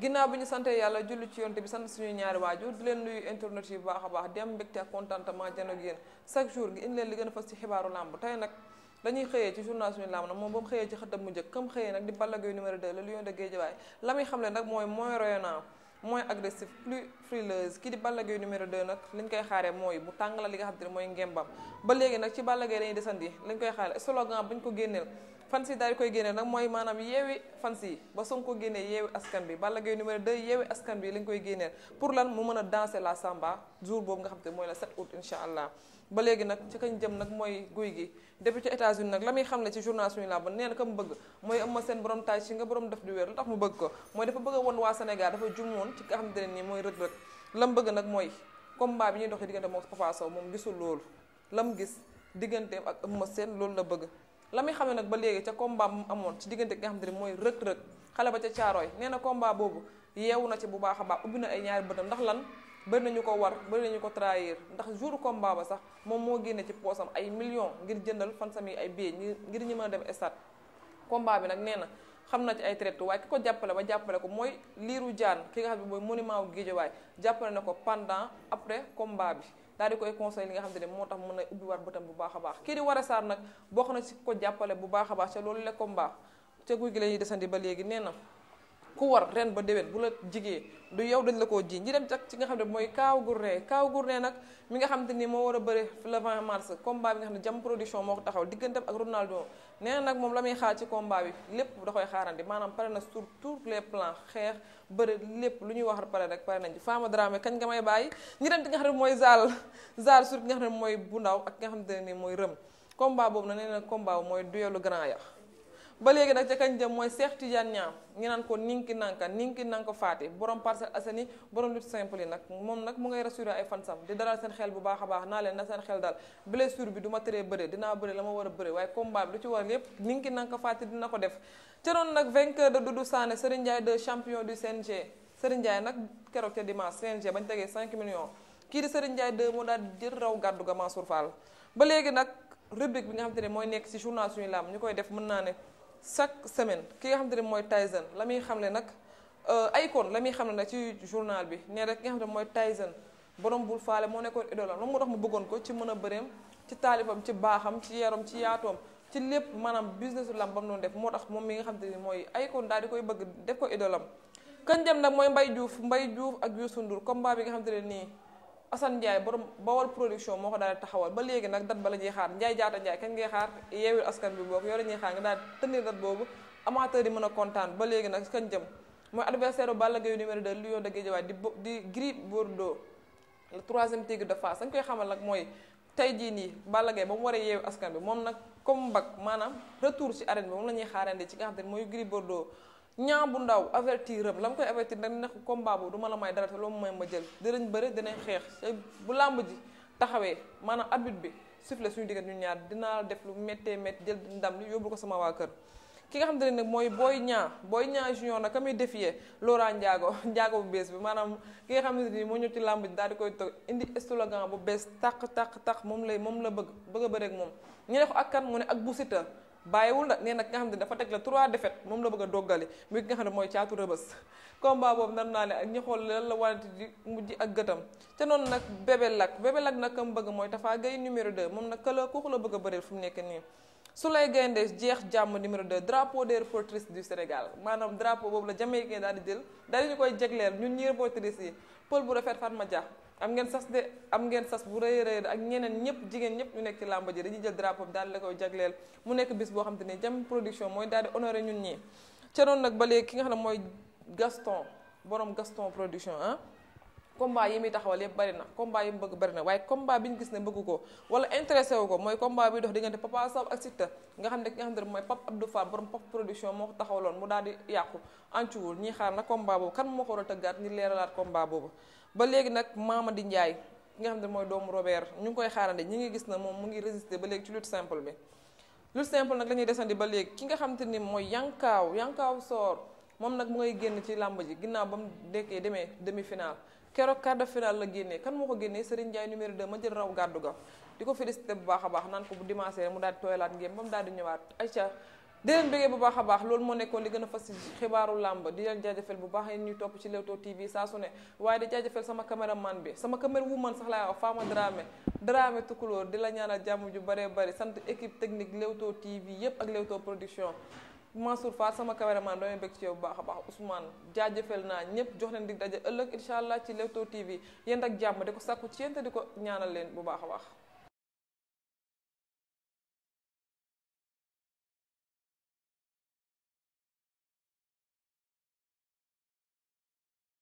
ginnaaw bi ñu sante yàlla julli ci yonte bi sant suñuy ñaari waajur di leen nuyu internet yi bu baax a baax di am mbégte ak contentement jano ak yéen chaque jour ngi indi leen li gën a fas ci xibaaru làmb tey nag dañuy xëyee ci journal suñu làmb nag moom ba mu xëyee ci xëtam mu njëkk kam xëyee nag di Balla numéro 2 la Lion de Guédiawaye la muy xam le nag mooy moins rayonnant moins agressif plus frileuse kii di Balla numéro 2 nag liñ koy xaaree mooy li nga xam te ne mooy ngembam ba léegi nag ci Balla Gaye ko génneel fans yi daal di koy génne nag mooy maanaam yeewi fans yi ba Sonko génnee yeewi askan bi Balla Gaye numéro 2 yeewi askan bi lañ koy génneel pour lan mu mën a danser la samba jour boobu nga xam te mooy la 7 août incha allah ba léegi nag ci kañ jëm nag mooy guy gi député États-Unis nag la muy xam ne ci journal suñu laa ba nee na bëgg mooy am seen borom taaj si nga borom def di wéer lu tax mu bëgg ko mooy dafa bëgg a won waa Sénégal dafa jum woon ci nga xam ne nii mooy rëg-rëg lam bëgg nag mooy combat bi ñuy doxee diggante moom Papa Sow gis digganteem ak Eumeu Sène loolu la bëgg la muy xam ne nag ba léegi ca combat mu amoon ci diggante ki nga xam ne mooy rëg-rëg xale ba ca caarooy nee na combat boobu yeewu na ci bu baax a baax ubbi na ay ñaari bëtam ndax lan bëri nañu ko war bëri nañu ko trahir ndax jour combat ba sax moom moo génne ci poosam ay millions ngir jëndal fansam yi ay billets ngir ñu mën dem stade combat bi nag nee na xam na ci ay traite waaye ki ko jàppale ba jàppale ko mooy liiru jaan ki nga xam ne mooy monument wu Guédiawaye jàppale na ko pendant après combat bi daal di koy conseil li nga xam te ne moo tax mën a ubbiwaat bëtam bu baax a baax kii di Woré Sarr nag bokk na ci ko jàppale bu baax a baax ca loolu le combat ca guy gi la ñuy desandi ba léegi nee na ku war ren ba déwén bu la jigee du yow dañ la koo ji ñi dem nga xam ne mooy Kaaw Gourné Kaaw Gourné nag mi nga xam ne ni moo war a bëri le 20 mars combat bi nga moo ko taxaw digganteem ak na nag moom la muy xaar ci combat bi lépp maanaam pare na sur tous les plans xeex bëri lépp lu ñuy wax pare rek pare nañ ci Fama Dramé nga may bàyyi ñi dem xam ne mooy Zal Zal sur mooy bu ndaw ak ki nga xam te ne mooy rëm combat boobu na nee na combat mooy duelu grand ya ba léegi nag ca kañ jëm mooy Cheikh Tidiane Niang ñu naan ko ninki nanka ninki nanka faati borom Parcelles Assainies borom lutte simple yi nag moom nag mu ngay rassuré ay fansam di dalal seen xel bu baax a baax naa leen na seen xel daal blessure bi du ma tëree bëre dinaa bëre la ma war a bëre waaye combat bi lu ci war lépp ninki nanka faati dina ko def ca noonu nag vainqueur de Doudou Sané Serigne Ndiaye de champion du CNG Serigne Ndiaye nag keroog ca dimanche tegee 5 millions kii di Serigne Ndiaye de moo raw gàddu ga Mansour Fall ba léegi nag rubrique bi xam te ne mooy nekk ci journal suñu lam ñu koy def mën naa ne chaque semaine ki nga xamante ne mooy Tyson la muy xam xamle nag Akon euh, la muy xamle nag ci journal bi nee rek ki nga xam ne mooy Tyson borom bul faale moo nekkoon idolam loolu moo tax mu bëggoon ko ci mën a bëreem ci taalibam ci baaxam ci yaram ci yaatoom ci lépp maanaam business lam bam doon def moo tax moom mi nga xam te ni mooy Akon daal di koy bëgg def ko idolam kan dem nag mooy mbay Diouf mbay Diouf ak Youssou Ndour combat bi nga xam te nii Assane Ndiaye borom Bawol production moo ko daal di taxawal ba léegi nag dat ba la ñuy xaar Ndiaye jaata Ndiaye kañ ngay xaar yeewul askan bi boobu yow la ñuy xaar nga daal tënni dat boobu amateur yi mën a kontaan ba léegi nag kañ jëm mooy adversaire bu Balla Gaye numéro 2 Lion de Guédiawaye di di Gris Bordeaux le troisième tigre de Fass dañ koy xamal nag mooy tey jii nii Balla Gaye ba mu war a yeewu askan bi moom nag comme mbag maanaam retour ci arène bi moom la ñuy xaarandi ci nga xam te ne mooy ñaa bu ndaw avertir am la mu koy avertir nag ne ko combat boobu du ma la may dara te loo may ma jël dinañ bëre dinañ xeex bu làmb ji taxawee maanaam arbitre bi sifflé suñu diggante ñu ñaar dinaa def lu méttee métti jël ndam li yóbbu ko sama waa kër. ki nga xam ne nag mooy Boy Niang Boy Niang junior nag ka muy défier Laurent Ndiago Ndiago bu bees bi maanaam ki nga xam ne nii moo ñëw ci làmb ji daal di koy toog indi slogan bu bees tàq tàq tax moom lay moom la bëgg bëgg a moom ñu ne ko ak kan mu ne ak bu Siteu bàyyiwul nag nee na ki nga xam ne dafa teg la trois défaites moom la bëgg a doggale muy ki nga xam ne mooy caatu rëbës combat boobu nar naa ne ak ñi xool lan la wanante di mujj ak gëtam te noonu nag bébé lak bébé lak nag kam bëgg mooy Tapha gay numéro 2 moom nag kala kooku la bëgg a bëreel fu mu nekk nii lay Gaynde jeex jàmm numéro de drapeau de reportrices du Sénégal maanaam drapeau boobu la jamee daal di jël daal di ñu koy jegleel ñun ñi reportrices yi pël bu rafet Fatma Dia am ngeen sas de am ngeen sas bu rëy rëy ak ñeneen ñëpp jigéen ñëpp ñu nekk ci làmba ji dañuy jël drapeau bi daal la koy jagleel mu nekk bis boo xam ne jam production mooy daal di honoré ñun ñii ca noonu nag ba ki nga xam ne mooy Gaston borom Gaston production ah combat yi muy taxawal yëpp bari na combat yi mu bëgg bari na waaye combat bi ñu gis ne bëgg ko wala intéressé wu ko mooy combat bi dox diggante Papa Sow ak Siteu nga xam ne ki nga xam ne mooy moo ko taxawaloon mu daal di yàqu ancuwul ñii xaar na combat boobu kan moo ko war a tëggaat ñi leeralaat combat boobu ba léegi nag Mamadi Ndiaye ki nga xam ne mooy doomu Robert ñu ngi koy xaarande ñu ngi gis na moom mu ngi résister ba léegi ci lutte simple bi lutte simple nag la desandi ba léegi ki nga xam te ni mooy yankaaw yankaaw soor moom nag mu ngay génn ci làmb ji ginnaaw ba mu dekkee demee demi final keroog quart de finale la génnee kan moo ko génnee Serigne Ndiaye numéro 2 ma jël raw gàddu ga di ko félicité bu baax a baax naan ko bu dimanche mu daal di tooyalaat ngéem ba mu daal di ñëwaat ayca di leen bëggee bu baax a baax loolu moo nekkoon li gën a fas ci xibaaru làmb di leen jaajëfal bu baax yéen ñuy topp ci Leewtoo TV saa su ne waaye di jaajëfal sama caméraman bi sama caméra woman sax laay wax Fama Dramé Dramé Tukulóor di la ñaanal jàmm ju baree bari sant équipe technique Leewtoo TV yépp ak Leewtoo production Mansour Fall sama caméraman damay bëgg ci yow bu baax a baax Ousmane jaajëfal naa ñépp jox leen di daje ëllëg incha allah ci Leewtoo TV yéen ak jàmm di ko sàkku ci yéen di ko ñaanal leen bu baax a baax